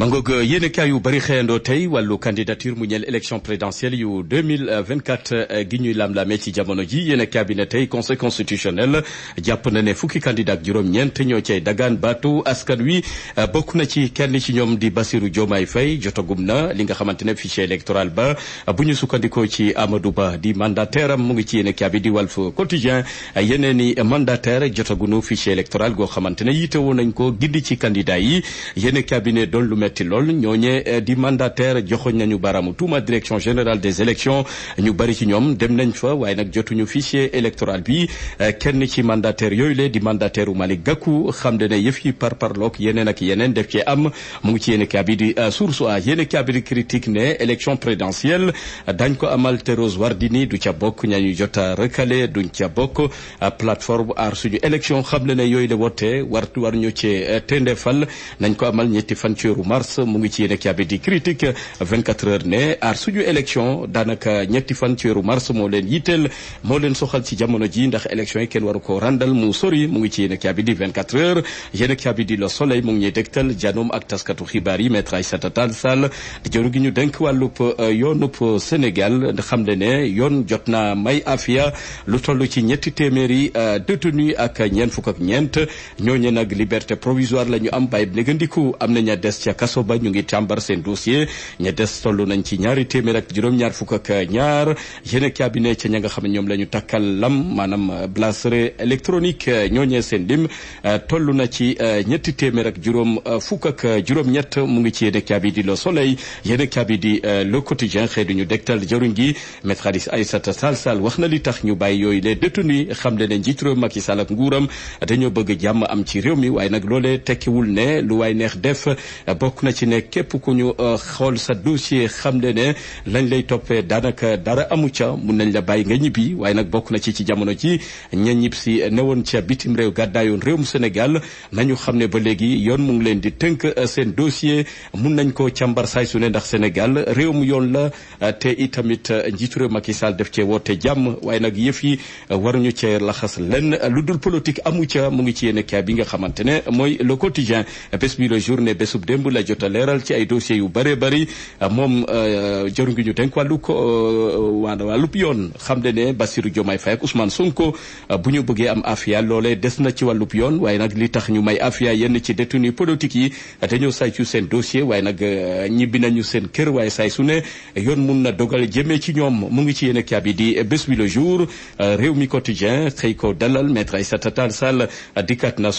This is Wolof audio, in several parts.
mangoog euh, yéenekaay yu bari xëyandoo tey wàllu candidature mu ñeel élection présidentielle yu 2024 euh, gi ñuy lam-lamee ci jamono ji yéenekaay bi ne tey conseil constitutionnel jàpp na ne fukki candidat ak juróom-ñeent ñoo cay dagaan baatu askan wi euh, bokk na ci kenn ci ñoom di Bassirou Diomaye Faye jotagum na li nga xamante ne fichier électoral ba bu ñu sukkandikoo ci Amadou Ba di mandataire am mu ngi ci yéenekaay bi di Walf Quotidien yeneen i mandataire jotagunu fichier électoral goo xamante ne yitewoo nañ ko gindi ci candidat yi yéenekaay bi ne doon lu metti lool ñooñee eh, di mandataire joxoñ nañu baramu tuuma direction général des élections ñu bari ci ñoom dem nañ fa waaye nag jotuñu fichier électoral bi eh, kenn ci mandataire yooyu le di mandataire u Malick Gakou xam ne yëf yi par parloog yeneen ak yeneen def ci am mu ngi ci yéen kabi di eh, source a yéen kabi di critique ne élection présidentielle dañ ko amal te Rose Wardini du ca bokk ñañu jota recalé duñ ca bokk plateforme ar suñu élection xam ne yooyu le wote war war ñu ci tendefal nañ ko amal ñetti fan ci mars mu ngi ci yéen ak yàbbi di critique 24 heures ne aar suñu élection daanaka ñetti fan ci weeru mars moo leen yitteel moo leen soxal ci jamono ji ndax élection yi kenn waru ko randal mu sori mu ngi ci yéen ak yàbbi di 24 heures yéen ak yàbbi di Le Soleil mu ngi ñuy dégtal janoom ak taskatu xibaar yi maître Aïssata Tall Sall di ñu dénk wàllub euh, yoonub Sénégal xam le ne yoon jot naa may afia lu toll ci ñetti téeméeri euh, détenu ak ñeent fukk ak ñeent ñooñu nag liberté provisoire la ñu am bàyyi négandiku am nañu des ca kaso ba ñu ngi càmbar seen dossier ña des toll nañ ci ñaari téeméer ak juróom-ñaar fukk ak ñaar yéen cabinet ca ña nga xam ne ñoom la takkal lam maanaam bracelet électronique ñooñee seen lim toll na ci eh, ñetti téeméer ak juróom eh, fukk ak juróom-ñett mu ngi ci yéen cabinet di Le Soleil yéen cabinet di eh, Le Quotidien xëy ñu dégtal jëruñ gi maître ay Aïssata Sall Sall wax na li tax ñu bàyyi yooyu les détenus xam le ne njiit réew Macky Sall ak nguuram dañoo bëgg jàmm am ci réew mi waaye nag loolee tekkiwul bokk na ci ne képp ku ñu euh, xool sa dossier xam le ne lañ lay toppee daanaka dara amu ca mun nañ la bàyyi nga ñibbi waaye nag bokk na ci ci jamono ci ña ñib si ne newoon ca bitim réew gàddaayoon réew réewum Sénégal nañu xam ne ba léegi yoon mu ngi leen di tënk euh, seen dossier mun nañ ko càmbar saay su ne ndax Sénégal réew mu yoon la euh, te itamit njiitu réew Macky Sall def cee woote jàmm waaye nag yëf yi waruñu cee laxas lenn lu dul politique amu ca mu ngi ci yéene kaa bi nga xamante mooy la jot a leeral ci ay dossiers yu bëree bëri moom euh, jëru ngi ñu dénk wàllu ko euh, wàllub yoon xam ne ne Bassirou Diomaye Faye ak Ousmane Sonko euh, bu ñu bëggee am afia loolee des na ci wàllub yoon waaye nag li tax ñu may afia yenn ci détenu politique yi dañoo saytu seen dossier waaye nag ñibbi nañu seen kër waaye say su ne yoon mun na dogal jëmee ci ñoom mu ngi ci yéen a bi di bés bi le jour réew mi quotidien xëy ko dalal maître Aïssata Tall Sall dikkaat na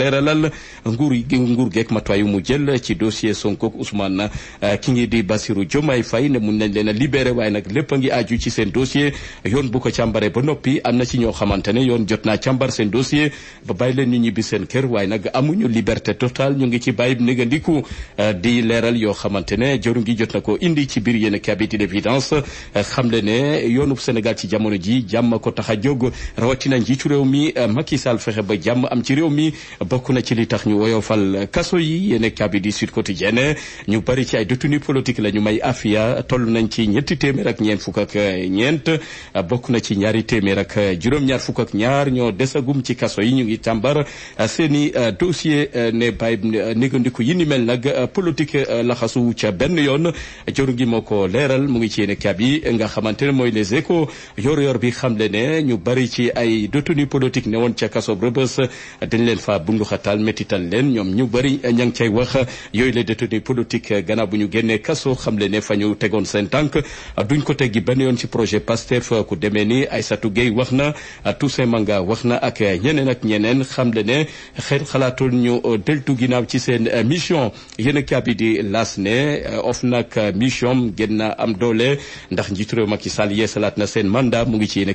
leeralal nguur gi nguur geeg matuwaay mu jël ci dossier Sonko ak na eh, ki ngi di Bassirou Diomaye fay ne mun nañ leen a libéré waaye nag lépp a ngi aju ci seen dossier yoon bu ko càmbaree ba noppi am na ci ñoo xamante ne yoon jot naa càmbar seen dossier ba bàyyi leen ni ñibbi seen kër waaye nag amuñu liberté totale ñu ngi ci bàyyi négandiku eh, di leeral yoo xamante ne joru ngi jot na ko indi ci biir yéen kabiti d'évidence eh, xam le ne yoonu Sénégal ci jamono ji jàmm ko tax a jóg rawatina njiitu réew mi Macky Sall fexe ba jàmm am ci réew mi bokk na ci li tax ñu woyofal kaso yi yéen kabi di Sud Quotidien ñu bari ci ay détenus politique la ñu may afia toll nañ ci ñetti téeméer ak ñeent fukk ak ñeent bokk na ci ñaari téeméer ak juróom-ñaar fukk ak ñaar ñoo desagum ci kaso yi ñu ngi tàmbar seen i dossier ne bàyyi négandiku yi ni mel nag politique laxasu ca benn yoon jor ngi moo ko leeral mu ngi ci yéen kabi nga xamante ne mooy les éco yor-yor bi xam ne ñu bari ci ay détenus politique ne woon ca kaso Rebeuss dañ leen bunduxatal métital leen ñoom ñu bëri ña ngi cay wax yooyu la détenu politique gannaaw bu ñu génnee kaso xam le ne fa ñu tegoon seen tànk duñ ko teggi benn yoon ci projet Pastef ku demee ni Aïssatou Gueye wax na Toussaint Manga wax na ak seen a doole ndax njiitu réew Macky Sall yeesalaat na seen mandat mu ngi ci yéen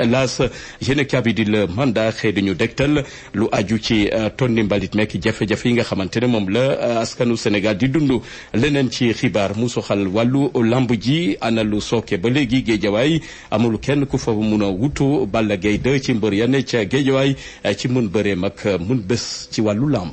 a laas yéen a kaabi mandat xëy dañu dégtal lu aju ci tonni mbalit mekk jafe-jafe yi nga xamante ne moom la euh, askanu senegal di dund leneen ci xibaar mu soxal wàllu lamb ji ana lu sooke ba léegi géejawaay amul kenn ku fa mun a wutu Balla Gaye 2 ci mbër ya ne ca géejawaay euh, ci mun bëree mag euh, mun bés ci wàllu lamb